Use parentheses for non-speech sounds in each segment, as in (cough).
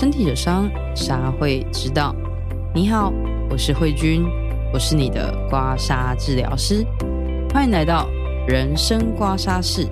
身體的傷，痧會知道。你好，我是卉君，我是你的刮痧治療師，歡迎來到人生刮痧室。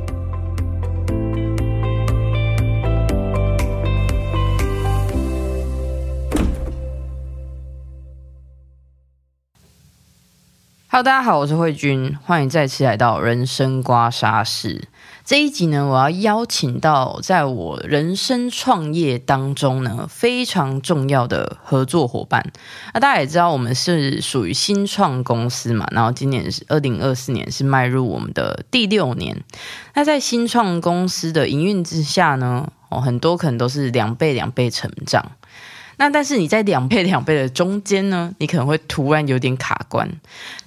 Hello，大家好，我是卉君，歡迎再次來到人生刮痧室。這一集呢，我要邀請到在我人生創業當中呢，非常重要的合作夥伴。那大家也知道，我們是屬於新創公司嘛，然後今年是二零二四年，是邁入我們的第六年。那在新創公司的營運之下呢，很多可能都是兩倍兩倍成長。那但是你在兩倍兩倍的中間呢，你可能會突然有點卡關。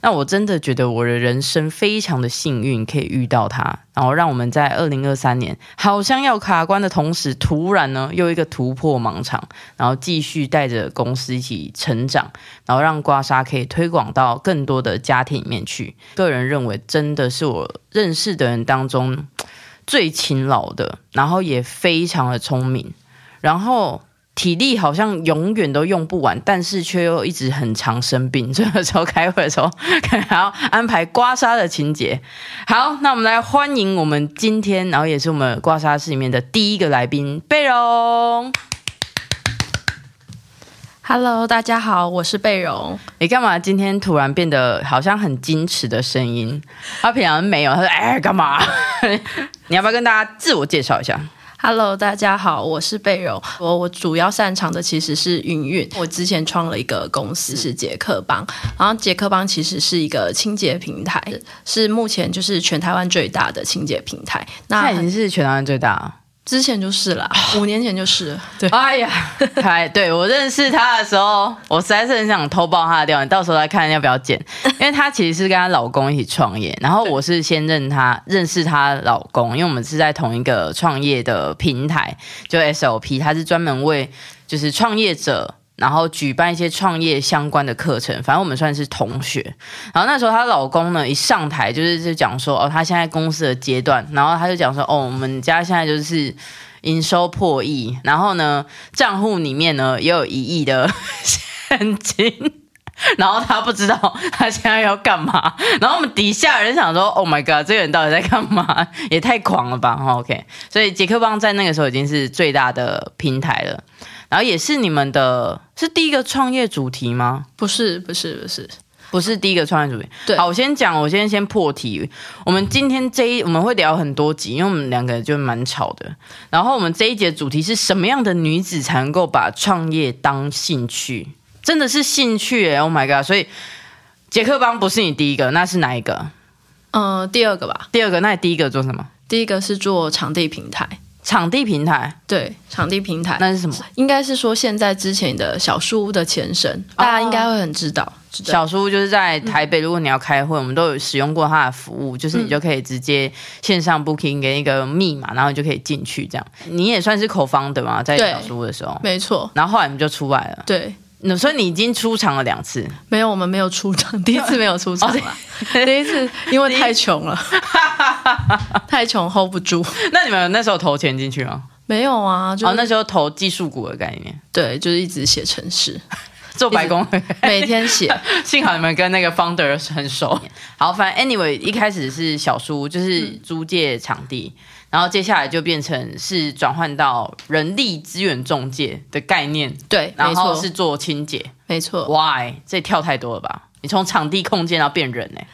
那我真的覺得我的人生非常的幸運，可以遇到他，然後讓我們在二零二三年好像要卡關的同時，突然呢又一個突破盲腸，然後繼續帶着公司一起成長，然後讓刮痧可以推廣到更多的家庭裡面去。個人認為，真的是我認識的人當中最勤勞的，然後也非常的聰明，然後。體力好像永遠都用不完，但是卻又一直很常生病。所以，有時候開會的時候，可能還要安排刮痧的情節。好，那我們來歡迎我們今天，然後也是我們刮痧室裡面的第一個來賓，貝蓉。Hello，大家好，我是貝蓉。你幹嘛今天突然變得好像很矜持的聲音？他平常沒有，他說：“哎，幹嘛？ (laughs) 你要不要跟大家自我介紹一下？” Hello，大家好，我是貝蓉。我我主要擅長的其實是營運。我之前創了一個公司，是捷克幫，然後捷克幫其實是一個清潔平台，是目前就是全台灣最大的清潔平台。那它已經是全台灣最大啊？之前就是了，五年前就是了。對，哎呀，對，我認識他的時候，我實在是很想偷爆他的料。你到時候來看要不要剪？因為他其實是跟他老公一起創業，然後我是先認他，認識他的老公，因為我們是在同一個創業的平台，就 SOP，他是專門為就是創業者。然後舉辦一些創業相關的課程，反正我們算是同學。然後那時候她老公呢一上台就是就講說哦，他現在公司的階段。然後他就講說哦，我們家現在就是營收破億，然後呢賬戶裡面呢也有一億的現金。然後他不知道他現在要幹嘛。然後我們底下人想說，Oh my god，這個人到底在幹嘛？也太狂了吧，哦，OK，所以杰克邦在那個時候已經是最大的平台了。然後也是你們的是第一個創業主題嗎？不是，不是，不是，不是第一個創業主題。對，好，我先講，我先先破題。我們今天這一我們會聊很多集，因為我們兩個就蠻吵的。然後我們這一節主題是什麼樣的女子才能夠把創業當興趣？真的是興趣欸！Oh my God！所以傑克邦不是你第一個，那是哪一個？呃，第二個吧。第二個，那你第一個做什麼？第一個是做場地平台。場地平台，對，場地平台，那是什麼？應該是說現在之前的小書屋的前身，oh, 大家應該會很知道。小書屋就是在台北，如果你要開會、嗯，我們都有使用過它的服務，就是你就可以直接線上 booking 給一個密碼，然後你就可以進去這樣。你也算是 co-founder 的嘛，在小書屋的時候，沒錯。然後後來我們就出來了，對。嗯、所以你已經出場了兩次？沒有，我們沒有出場，第一次沒有出場 (laughs) 第一次因為太窮了，太窮， (laughs) (laughs) 太窮 (laughs) hold 不住。那你們那時候投錢進去嗎？沒有啊，就是哦、那時候投技術股的概念。對，就是一直寫程式， (laughs) 做白工。 (laughs) 每天寫。 (laughs) 幸好你們跟那個 founder 很熟。 (laughs) 好，反正 anyway，一開始是小叔，就是租借場地。嗯然後接下來就變成是轉換到人力資源中介的概念，對，沒錯，然後是做清潔，沒錯。Why？這跳太多了吧？你從場地空間要變人呢？欸？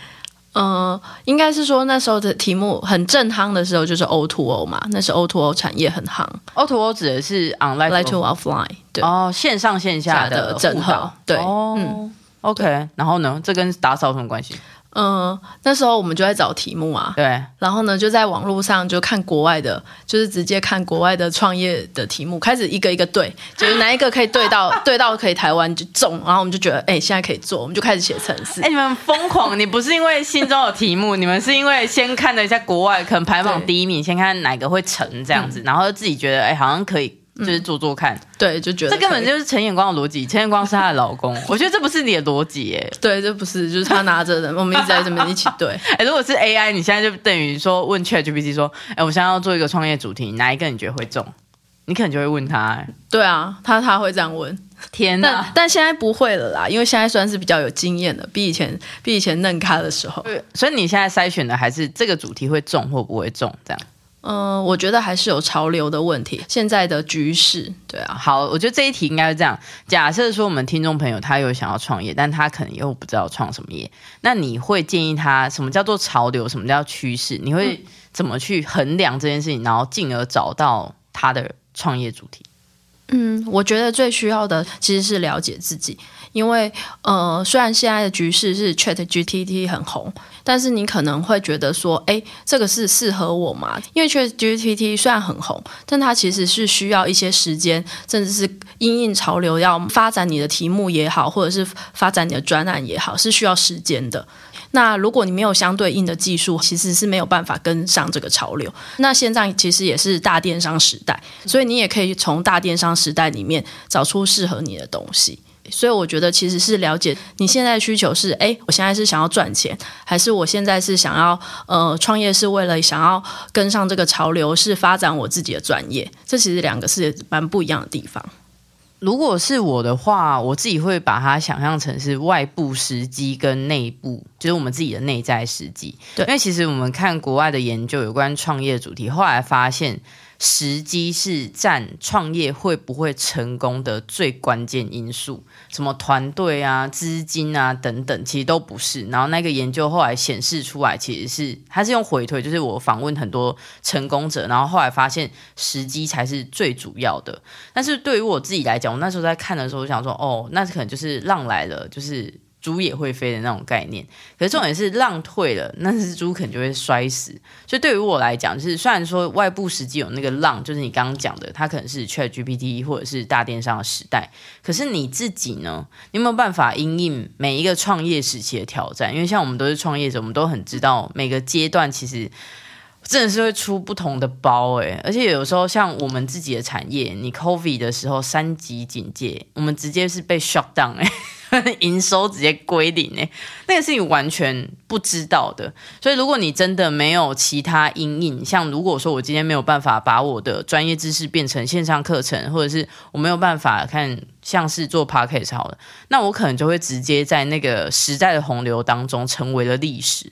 呃，應該是說那時候的題目很正夯的時候，就是 O to O 嘛，那是 O to O 產業很夯。O to O 指的是 online to offline，對，哦，線上線下的整合，對，對哦，嗯，OK。然後呢，這跟打掃什麼關係？嗯，那時候我們就在找題目啊，對，然後呢，就在網絡上就看國外的，就是直接看國外的創業的題目，開始一個一個對，就是哪一個可以對到 (laughs) 對到可以台灣就中，然後我們就覺得哎、欸，現在可以做，我們就開始寫程式。哎、欸，你們瘋狂！你不是因為心中有題目， (laughs) 你們是因為先看了一下國外可能排行榜第一名，先看哪個會成這樣子，然後自己覺得哎、欸，好像可以。就是做做看，嗯、對，就覺得這根本就是陳眼光的邏輯。陳眼光是她的老公， (laughs) 我覺得這不是你的邏輯耶。對，這不是，就是他拿着的。 (laughs) 我們一直在這邊一起對。哎、欸，如果是 AI，你現在就等於說問 ChatGPT 說，哎、欸，我現在要做一個創業主題，哪一個你覺得會中？你可能就會問他。對啊，他他會這樣問。天哪！但、但現在不會了啦，因為現在算是比較有經驗的，比以前比以前嫩咖的時候。對，所以你現在篩選的還是這個主題會中或不會中這樣。嗯、呃，我覺得還是有潮流的問題，現在的局勢，對啊。好，我覺得這一題應該是這樣：假設說我們聽眾朋友他有想要創業，但他可能又不知道創什麼業，那你會建議他什麼叫做潮流，什麼叫趨勢？你會怎麼去衡量這件事情，然後進而找到他的創業主題？嗯，我覺得最需要的其實是了解自己，因為呃，雖然現在的局勢是 Chat GPT 很紅，但是你可能會覺得說，哎，這個是適合我嗎？因為 Chat GPT 雖然很紅，但它其實是需要一些時間，甚至是因應潮流，要發展你的題目也好，或者是發展你的專案也好，是需要時間的。那如果你沒有相對應的技術，其實是沒有辦法跟上這個潮流。那現在其實也是大電商時代，所以你也可以從大電商時代裡面找出適合你的東西。所以我覺得其實是了解你現在需求是：哎，我現在是想要賺錢，還是我現在是想要呃創業，是為了想要跟上這個潮流，是發展我自己的專業？這其實兩個是蠻不一樣的地方。如果是我的話，我自己會把它想象成是外部時機跟內部，就是我們自己的內在時機。對，因為其實我們看國外的研究有關創業主題，後來發現。時機是占創業會不會成功的最關鍵因素，什麼團隊啊、資金啊等等，其實都不是。然後那個研究後來顯示出來，其實是它是用回推，就是我訪問很多成功者，然後後來發現時機才是最主要的。但是對於我自己來講，我那時候在看的時候，我想說，哦，那可能就是浪來了，就是。豬也會飛的那種概念，可是重點是浪退了，那隻豬肯定就會摔死。所以對於我來講，就是雖然說外部時機有那個浪，就是你剛剛講的，它可能是 ChatGPT 或者是大電商的時代，可是你自己呢，你有沒有辦法因應每一個創業時期的挑戰？因為像我們都是創業者，我們都很知道每個階段其實真的是會出不同的包哎、欸。而且有時候像我們自己的產業，你 COVID 的時候三級警戒，我們直接是被 shut down 哎、欸。 (laughs) 營收直接歸零呢，那個是你完全不知道的。所以，如果你真的沒有其他因應，像如果說我今天沒有辦法把我的專業知識變成線上課程，或者是我沒有辦法看像是做 podcast 好了，那我可能就會直接在那個時代的洪流當中成為了歷史。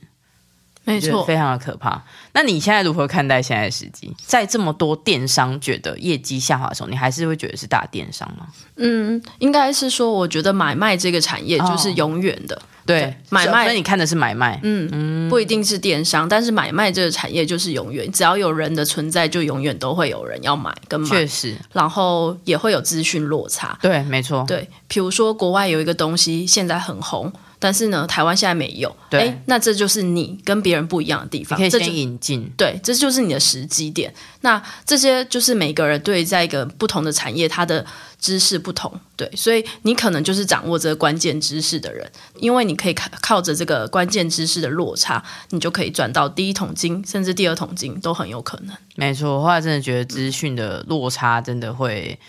沒錯，非常的可怕。那你現在如何看待現在的時機？在這麼多電商覺得業績下滑的時候，你還是會覺得是大電商嗎？嗯，應該是說，我覺得買賣這個產業就是永遠的。哦、對，對，買賣。那你看的是買賣，嗯，嗯，不一定是電商，但是買賣這個產業就是永遠，只要有人的存在，就永遠都會有人要買跟買。確實，然後也會有資訊落差。對，沒錯。對，比如說國外有一個東西現在很紅。但是呢，台灣現在沒有。對，欸、那這就是你跟別人不一樣的地方。可以先引進。對，這就是你的時機點。那這些就是每個人對在一個不同的產業，他的知識不同。對，所以你可能就是掌握這個關鍵知識的人，因為你可以靠靠着這個關鍵知識的落差，你就可以賺到第一桶金，甚至第二桶金都很有可能。沒錯，我後來真的覺得資訊的落差真的會，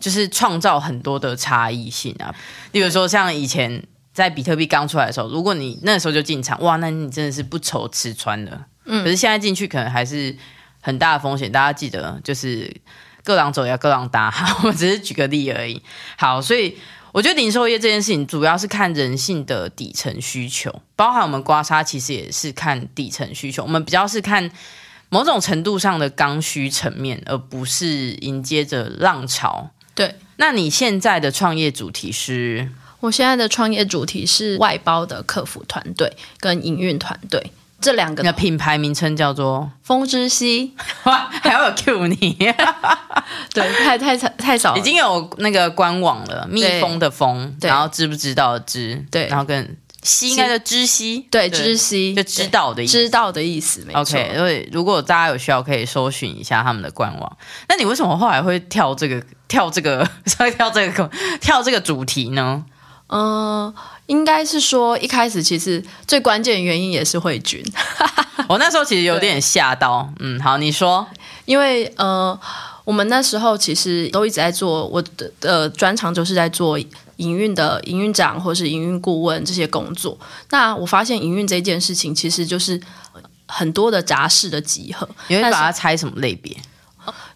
就是創造很多的差異性啊。你比如說，像以前。在比特幣剛出來的時候，如果你那時候就進場，哇，那你真的是不愁吃穿的。嗯，可是現在進去可能還是很大的風險。大家記得，就是各狼走要各狼打。哈，我只是舉個例而已。好，所以我覺得零售業這件事情主要是看人性的底層需求，包含我們刮痧，其實也是看底層需求。我們比較是看某種程度上的剛需層面，而不是迎接着浪潮。對，那你現在的創業主題是？我現在的創業主題是外包的客服團隊跟營運團隊這兩個。的品牌名稱叫做“風之息”，哇還要有 Q 你？ (laughs) 對，太太少，太少。已經有那個官網了，對蜜蜂的蜂，對，然後知不知道的知？對，然後跟西應該叫知西對，對，知西就知道的知道的意思。OK，因為如果大家有需要，可以搜尋一下他們的官網。那你為什麼後來會跳這個跳這個再跳這個跳這個主題呢？嗯、呃，應該是說，一開始其實最關鍵原因也是卉君，我、 (laughs) 哦、那時候其實有點嚇到。嗯，好，你說，因為呃，我們那時候其實都一直在做我的的專、呃、長，就是在做營運的營運長或是營運顧問這些工作。那我發現營運這件事情，其實就是很多的雜事的集合。你會把它拆什麼類別？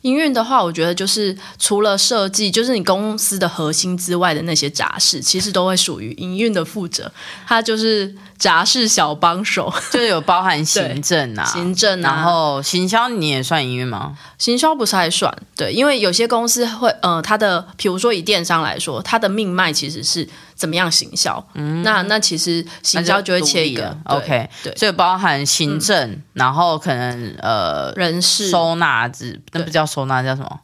營運的話，我覺得就是除了設計，就是你公司的核心之外的那些雜事，其實都會屬於營運的負責。他就是雜事小幫手，就有包含行政啊，行政啊，然後行銷你也算營運嗎？行銷不是還算？對，因為有些公司會，呃，他的，比如說以電商來說，他的命脈其實是怎麼樣行銷。嗯，那那其實行銷就會切一個。一個 OK，對對，所以包含行政，嗯，然後可能呃人事、收納，這那比較。出納叫什麼？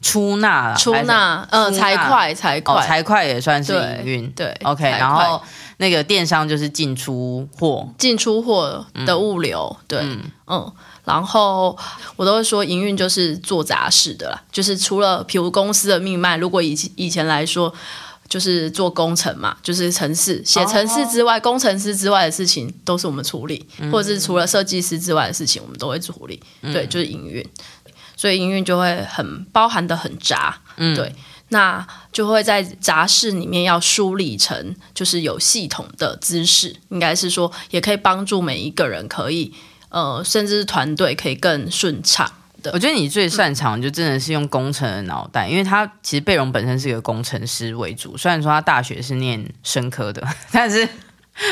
出納啦，出納，嗯，財會，財會，哦，財會也算是營運，對，對，OK。然後那個電商就是進出貨，進出貨的物流，嗯、對嗯，嗯。然後我都會說，營運就是做雜事的啦，就是除了比如公司的命脈，如果以以前來說，就是做工程嘛，就是程式寫程式之外，哦，工程師之外的事情都是我們處理，嗯、或者是除了設計師之外的事情，我們都會處理，嗯、對，就是營運。所以營運就會很包含的很雜，嗯，對，那就會在雜事裡面要梳理成，就是有系統的知識，應該是說也可以幫助每一個人可以，呃，甚至是團隊可以更順暢的。我覺得你最擅長就真的是用工程的腦袋，嗯，因為他其實貝蓉本身是一個工程師為主，雖然說他大學是念生科的，但是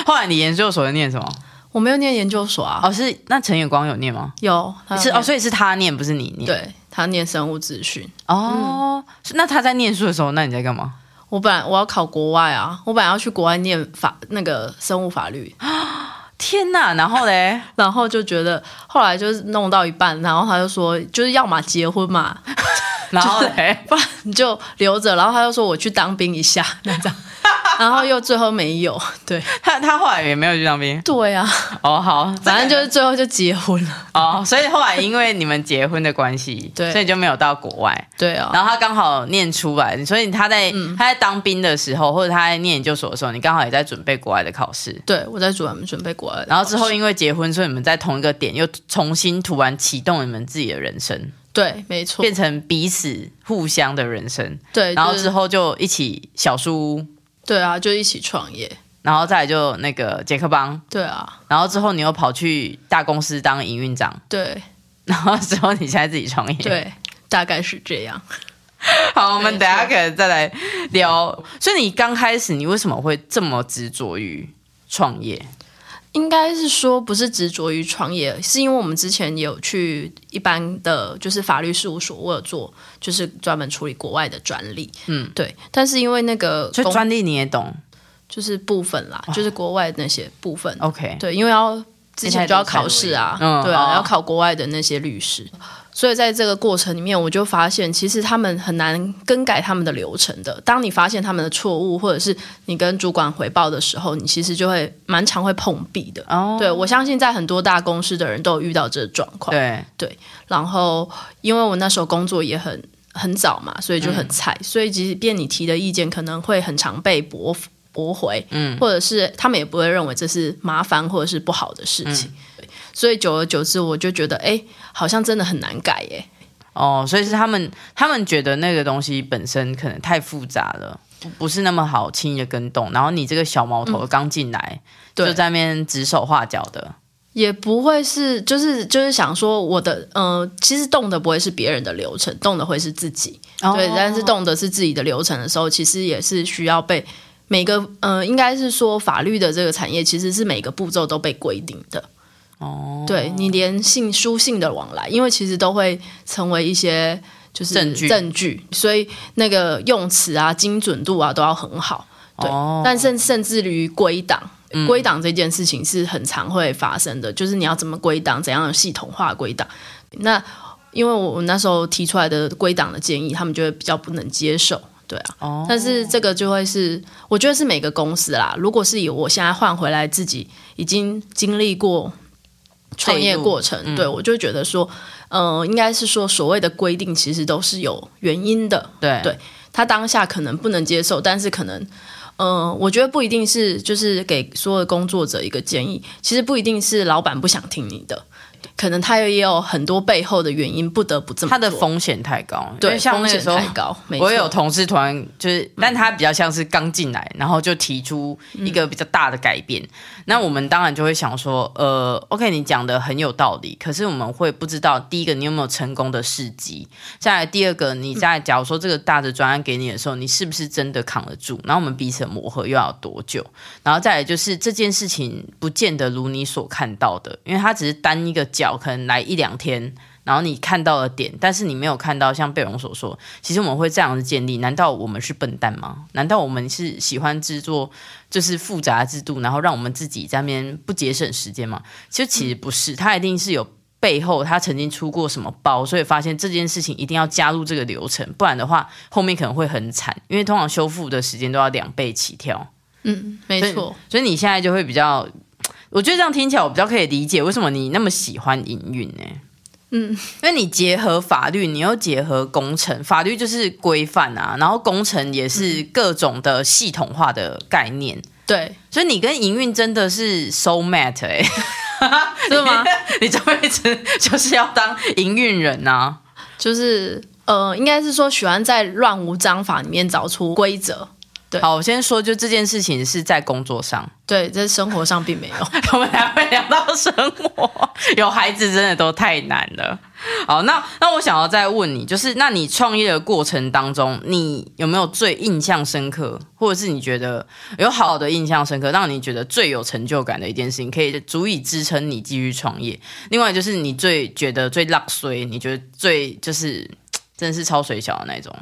後來你研究所是在念什麼？我沒有念研究所啊！哦，是那陳遠光有念嗎？有，他有是哦，所以是他念，不是你念。對，他念生物資訊。哦、嗯，那他在念書的時候，那你在幹嘛？我本來我要考國外啊，我本來要去國外念法那個生物法律。天哪、啊！然後嘞，然後就覺得後來就是弄到一半，然後他就說，就是要嘛結婚嘛， (laughs) 然後嘞咧， (laughs) 不然你就留着。然後他就說，我去當兵一下，那這樣。 (laughs) 然後又最後沒有，啊、對他，他後來也沒有去當兵。對呀、啊，哦、oh, 好、這個，反正就是最後就結婚了。哦、oh,，所以後來因為你們結婚的關係 (laughs) 對，所以就沒有到國外。對啊，然後他剛好念出來，所以他在、嗯、他在當兵的時候，或者他在念研究所的時候，你剛好也在準備國外的考試。對，我在準備準備國外的考試。然後之後因為結婚，所以你們在同一個點又重新突然啟動你們自己的人生。對，沒錯，變成彼此互相的人生。對，就是、然後之後就一起小書。對啊，就一起創業，然後再來就那個傑克邦。對啊，然後之後你又跑去大公司當營運長，對，然後之後你現在自己創業，對，大概是這樣。 (laughs) 好，我們等下可以再來聊。所以你剛開始，你為什麼會這麼執着於創業？應該是說不是執着於創業，是因為我們之前有去一般的，就是法律事務所我有，我做就是專門處理國外的專利，嗯，對。但是因為那個，專利你也懂，就是部分啦，就是國外的那些部分。OK，對，因為要之前就要考試啊，對啊，要考國外的那些律師。嗯，哦。所以在這個過程裡面，我就發現，其實他們很難更改他們的流程的。當你發現他們的錯誤，或者是你跟主管回報的時候，你其實就會蠻常會碰壁的。哦、oh.，對我相信在很多大公司的人都有遇到這個狀況。對對，然後因為我那時候工作也很很早嘛，所以就很菜、嗯，所以即便你提的意見可能會很常被駁駁回、嗯，或者是他們也不會認為這是麻煩或者是不好的事情。嗯所以久而久之，我就覺得，哎、欸，好像真的很難改，耶。哦，所以是他們，他們覺得那個東西本身可能太複雜了，不是那麼好輕易的跟動。然後你這個小毛頭剛進來，嗯、對，就在那邊指手畫腳的，也不會是，就是就是想說我的，嗯、呃，其實動的不會是別人的流程，動的會是自己、哦。對，但是動的是自己的流程的時候，其實也是需要被每個，呃，應該是說法律的這個產業其實是每個步驟都被規定的。哦，對，你連信書信的往來，因為其實都會成為一些就是證據，證據，所以那個用詞啊、精準度啊都要很好。對，Oh. 但甚甚至於歸檔，歸檔這件事情是很常會發生的，嗯、就是你要怎麼歸檔，怎樣的系統化歸檔。那因為我我那時候提出來的歸檔的建議，他們就會比較不能接受。對啊，Oh. 但是這個就會是，我覺得是每個公司啦。如果是以我現在換回來，自己已經經歷過。創業過程，嗯、對，我就覺得說，嗯、呃，應該是說所謂的規定其實都是有原因的，對，對，他當下可能不能接受，但是可能，嗯、呃，我覺得不一定是就是給所有的工作者一個建議，其實不一定是老闆不想聽你的。可能他也有很多背後的原因，不得不這麼做。他的風險太高，對，像那個風險太高。我也有同事團，就是，但他比較像是剛進來，然後就提出一個比較大的改變。嗯，那我們當然就會想說，呃，OK，你講的很有道理。可是我們會不知道，第一個你有沒有成功的時機；再來第二個，你在假如說這個大的專案給你的時候，你是不是真的扛得住？那我們彼此磨合又要多久？然後再來就是這件事情不見得如你所看到的，因為他只是單一個。腳可能來一兩天，然後你看到了點，但是你沒有看到像貝蓉所說，其實我們會這樣的建立。難道我們是笨蛋嗎？難道我們是喜歡製作就是複雜制度，然後讓我們自己在那邊不節省時間嗎？其實其實不是，他一定是有背後他曾經出過什麼包，所以發現這件事情一定要加入這個流程，不然的話後面可能會很慘。因為通常修復的時間都要兩倍起跳。嗯，沒錯。所以，所以你現在就會比較。我覺得這樣聽起來我比較可以理解為什麼你那麼喜歡營運呢？嗯，因為你結合法律，你又結合工程，法律就是規範啊，然後工程也是各種的系統化的概念，嗯、對，所以你跟營運真的是 so match 哎、欸，真 (laughs) 是嗎？ (laughs) 你這輩子就是要當營運人啊？就是呃，應該是說喜歡在亂無章法裡面找出規則。對，好，我先說，就這件事情是在工作上，對，在生活上並沒有。 (laughs) 我們還會聊到生活，有孩子真的都太難了。好，那那我想要再問你，就是，那你創業的過程當中，你有沒有最印象深刻，或者是你覺得有好，好的印象深刻，讓你覺得最有成就感的一件事情，可以足以支撐你繼續創業？另外，就是你最覺得最 l u 你覺得最就是真的是超水小的那種。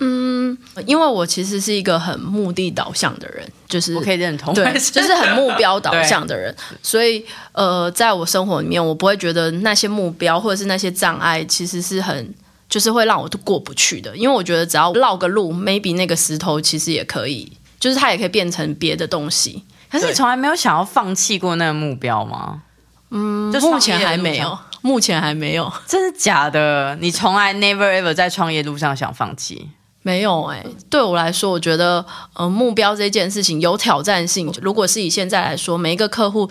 嗯，因為我其實是一個很目的導向的人，就是我可以認同，對，就是很目標導向的人， (laughs) 所以呃，在我生活裡面，我不會覺得那些目標或者是那些障礙，其實是很就是會讓我都過不去的，因為我覺得只要繞個路，maybe 那個石頭其實也可以，就是它也可以變成別的東西。可是你從來沒有想要放棄過那個目標嗎？嗯就，目前還沒有，目前還沒有， (laughs) 真的假的？你從來 never ever 在創業路上想放棄？沒有哎、欸，對我來說，我覺得、呃、目標這件事情有挑戰性。如果是以現在來說，每一個客戶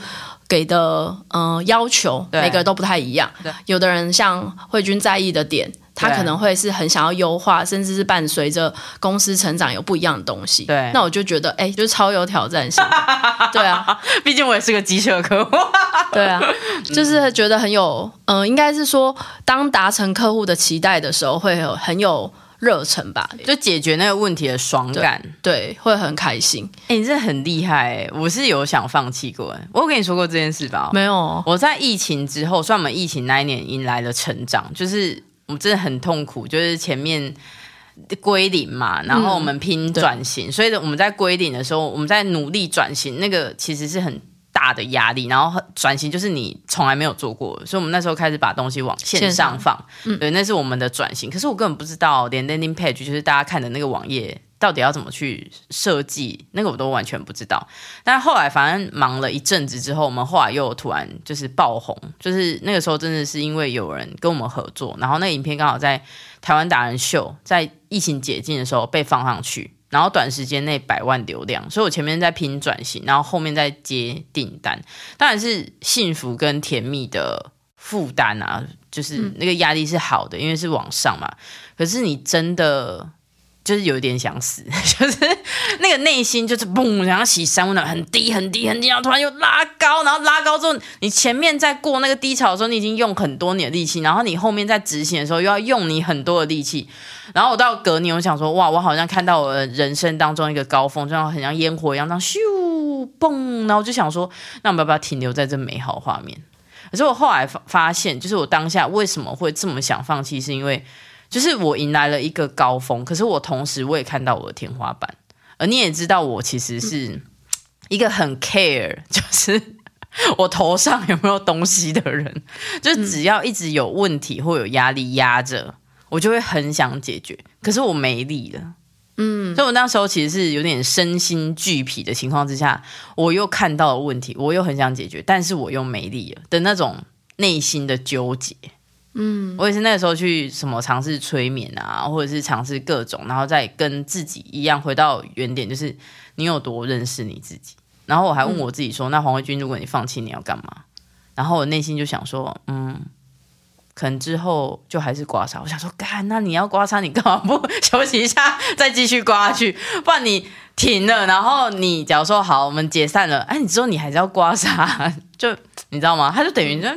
給的、呃、要求，每個都不太一樣。有的人像卉君在意的點，他可能會是很想要優化，甚至是伴隨着公司成長有不一樣的東西。對，那我就覺得哎、欸，就是、超有挑戰性。 (laughs) 對啊， (laughs) 畢竟我也是個機械客戶 (laughs) 對啊，就是覺得很有，嗯、呃，應該是說，當達成客戶的期待的時候，會有很有。熱忱吧，就解決那個問題的爽感，對，對會很開心。哎、嗯，你、欸、真的很厲害、欸，我是有想放棄過、欸。我有跟你說過這件事吧？沒有。我在疫情之後，算我們疫情那一年迎來了成長，就是我們真的很痛苦，就是前面歸零嘛，然後我們拼轉型、嗯，所以我們在歸零的時候，我們在努力轉型，那個其實是很。大的壓力，然後轉型，就是你從來沒有做過，所以我們那時候開始把東西往線上放。上，嗯，對，那是我們的轉型。可是我根本不知道，連 landing page 就是大家看的那個網頁，到底要怎麼去設計，那個我都完全不知道。但後來反正忙了一陣子之後，我們後來又突然就是爆紅，就是那個時候真的是因為有人跟我們合作，然後那個影片剛好在台灣達人秀，在疫情解禁的時候被放上去。然後短時間內百萬流量，所以我前面在拼轉型，然後後面在接訂單，當然是幸福跟甜蜜的負擔啊，就是那個壓力是好的，嗯、因為是往上嘛。可是你真的。就是有點想死，就是那個內心就是嘣，然後洗三溫暖很低很低很低,很低，然後突然又拉高，然後拉高之後，你前面在過那個低潮的時候，你已經用很多你的力氣，然後你後面在執行的時候又要用你很多的力氣，然後我到隔年，我想說，哇，我好像看到我人生當中一個高峰，就好像很像煙火一樣，像咻嘣，然後我就想說，那我們要不要停留在這美好畫面？可是我後來發發現，就是我當下為什麼會這麼想放棄，是因為。就是我迎來了一個高峰，可是我同時我也看到我的天花板。而你也知道，我其實是一個很 care，就是我頭上有沒有東西的人。就只要一直有問題或有壓力壓着，我就會很想解決，可是我沒力了。嗯，所以我那時候其實是有點身心俱疲的情況之下，我又看到了問題，我又很想解決，但是我又沒力了的那種內心的糾結。嗯，我也是那個時候去什麼嘗試催眠啊，或者是嘗試各種，然後再跟自己一樣回到原點，就是你有多認識你自己。然後我還問我自己說：“嗯、那黃卉君，如果你放棄，你要幹嘛？”然後我內心就想說：“嗯，可能之後就還是刮痧。”我想說：“幹、啊，那你要刮痧，你幹嘛不休息一下，再繼續刮去，不然你停了，然後你假如說好，我們解散了，哎，你之後你還是要刮痧，就你知道嗎？他就等於就。”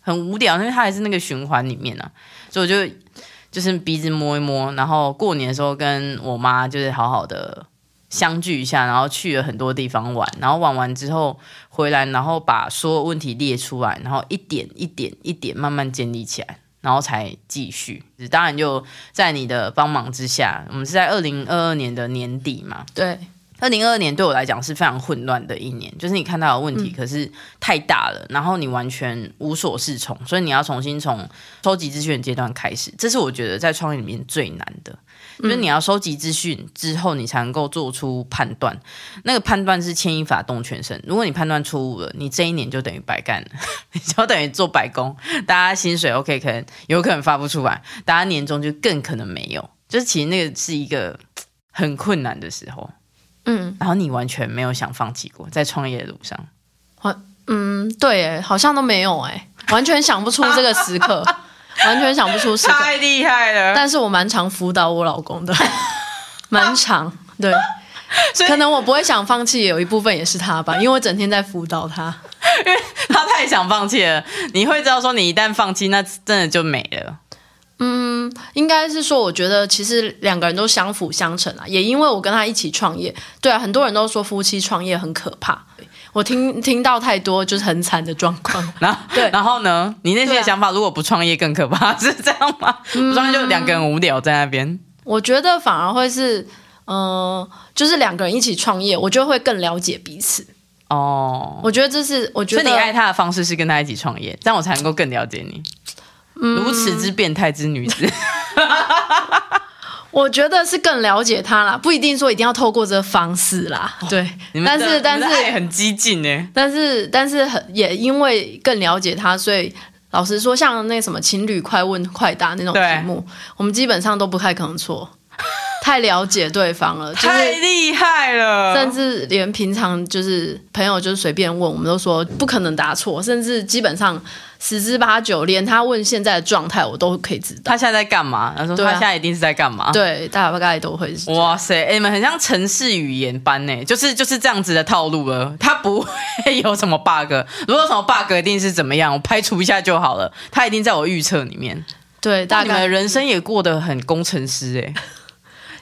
很無聊，因為它還是那個循環裡面呢、啊，所以我就就是鼻子摸一摸，然後過年的時候跟我媽就是好好的相聚一下，然後去了很多地方玩，然後玩完之後回來，然後把所有問題列出來，然後一點一點一點慢慢建立起來，然後才繼續。當然就在你的幫忙之下，我們是在二零二二年的年底嘛，對。二零二二年對我來講是非常混亂的一年，就是你看到的問題可是太大了，嗯、然後你完全無所適從，所以你要重新從收集資訊的階段開始，這是我覺得在創業裡面最難的，就是你要收集資訊之後，你才能夠做出判斷。嗯、那個判斷是牽一髮動全身，如果你判斷錯誤了，你這一年就等於白幹了，你 (laughs) 就等於做白工，大家薪水 OK 可能有可能發不出來，大家年終就更可能沒有，就是其實那個是一個很困難的時候。嗯，然後你完全沒有想放棄過在創業的路上，嗯，對，好像都沒有哎，完全想不出這個時刻， (laughs) 完全想不出時刻，太厲害了。但是我蠻常輔導我老公的，蠻常 (laughs) 對，所以，可能我不會想放棄，有一部分也是他吧，因為我整天在輔導他，因為他太想放棄了。你會知道說，你一旦放棄，那真的就沒了。嗯，應該是說，我覺得其實兩個人都相輔相成啊。也因為我跟他一起創業，對啊，很多人都說夫妻創業很可怕，我聽聽到太多就是很慘的狀況。 (laughs) 然後對，然後呢，你那些、啊、想法如果不創業更可怕，是這樣嗎？不、嗯、創業就兩個人無聊在那邊。我覺得反而會是，嗯、呃，就是兩個人一起創業，我就會更了解彼此。哦，我覺得這是，我覺得你愛他的方式是跟他一起創業，這樣我才能夠更了解你。如此之變態之女子、嗯， (laughs) (laughs) 我覺得是更了解她啦。不一定說一定要透過這個方式啦。對，但是但是也很激進呢。但是,但是,但是,但是很也因為更了解她，所以老實說，像那什麼情侶快問快答那種題目，我們基本上都不太可能錯，太了解對方了， (laughs) 就是、太厲害了，甚至連平常就是朋友就是隨便問，我們都說不可能答錯，甚至基本上。十之八九，連他問現在的狀態，我都可以知道他現在在幹嘛。他說他現在一定是在幹嘛對、啊？對，大概都會是。哇塞、欸，你們很像程式語言班呢，就是就是這樣子的套路了。他不會有什麼 bug，如果有什麼 bug，一定是怎麼樣，我排除一下就好了。他一定在我預測裡面。對，大概人生也過得很工程師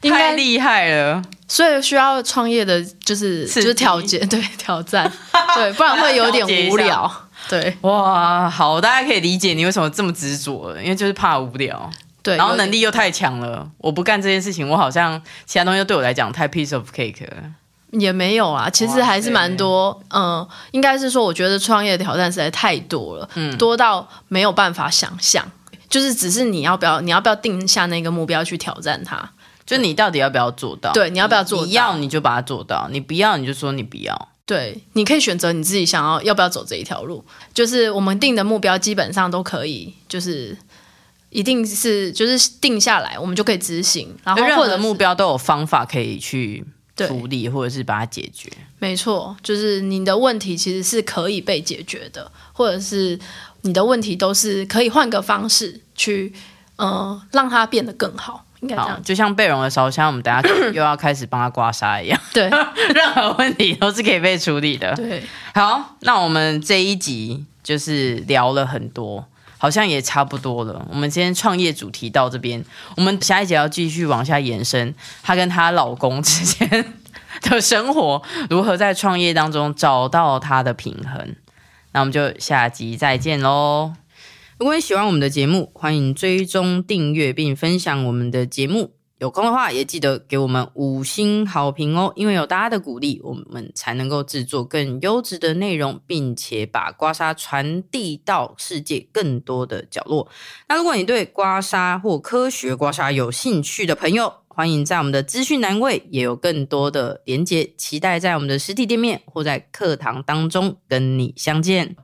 誒， (laughs) 太厲害了。所以需要創業的、就是，就是就是挑戰，對挑戰，對，不然會有點無聊。對，哇，好，大家可以理解你為什麼這麼執着，因為就是怕無聊。對，然後能力又太強了，我不幹這件事情，我好像其他東西對我來講太 piece of cake 了。也沒有啊，其實還是蠻多，嗯，應該是說，我覺得創業的挑戰實在太多了，嗯，多到沒有辦法想象。就是只是你要不要，你要不要定下那個目標去挑戰它？就你到底要不要做到？對，你要不要做到？你要你就把它做到，你不要你就說你不要。對，你可以選擇你自己想要要不要走這一條路，就是我們定的目標基本上都可以，就是一定是就是定下來，我們就可以執行。然後或者，任何的目標都有方法可以去處理，或者是把它解決。沒錯，就是你的問題其實是可以被解決的，或者是你的問題都是可以換個方式去，嗯、呃，讓它變得更好。好，就像貝蓉的時候，像我們等下又要開始幫他刮痧一樣。對， (laughs) 任何問題都是可以被處理的。對，好，那我們這一集就是聊了很多，好像也差不多了。我們今天創業主題到這邊，我們下一集要繼續往下延伸，她跟她老公之間的生活，如何在創業當中找到她的平衡？那我們就下集再見嘍。如果你喜歡我們的節目，歡迎追蹤訂閱並分享我們的節目。有空的話，也記得給我們五星好評哦！因為有大家的鼓勵，我們才能夠製作更優質的內容，並且把刮痧傳遞到世界更多的角落。那如果你對刮痧或科學刮痧有興趣的朋友，歡迎在我們的資訊欄位也有更多的連結。期待在我們的實體店面或在課堂當中跟你相見。